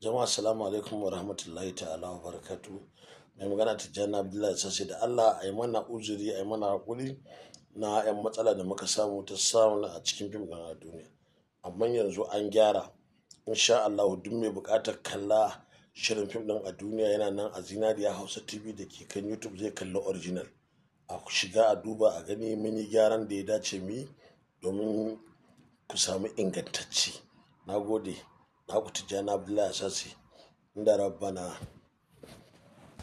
jama'a assalamu alaikum wa rahmatullahi ta'ala wa barakatu mai magana tijjani abdullahi sassi da allah a yi mana uzuri a yi mana haƙuri na 'yan matsala da muka samu ta samun a cikin fim a duniya amma yanzu an gyara insha allah duk mai buƙatar kalla shirin fim ɗin a duniya yana nan a zinariya hausa tv da ke kan youtube zai kalli original a shiga a duba a gani mini gyaran da ya dace mu domin ku samu ingantacci na gode akuti janabdillah asasi ndarabbana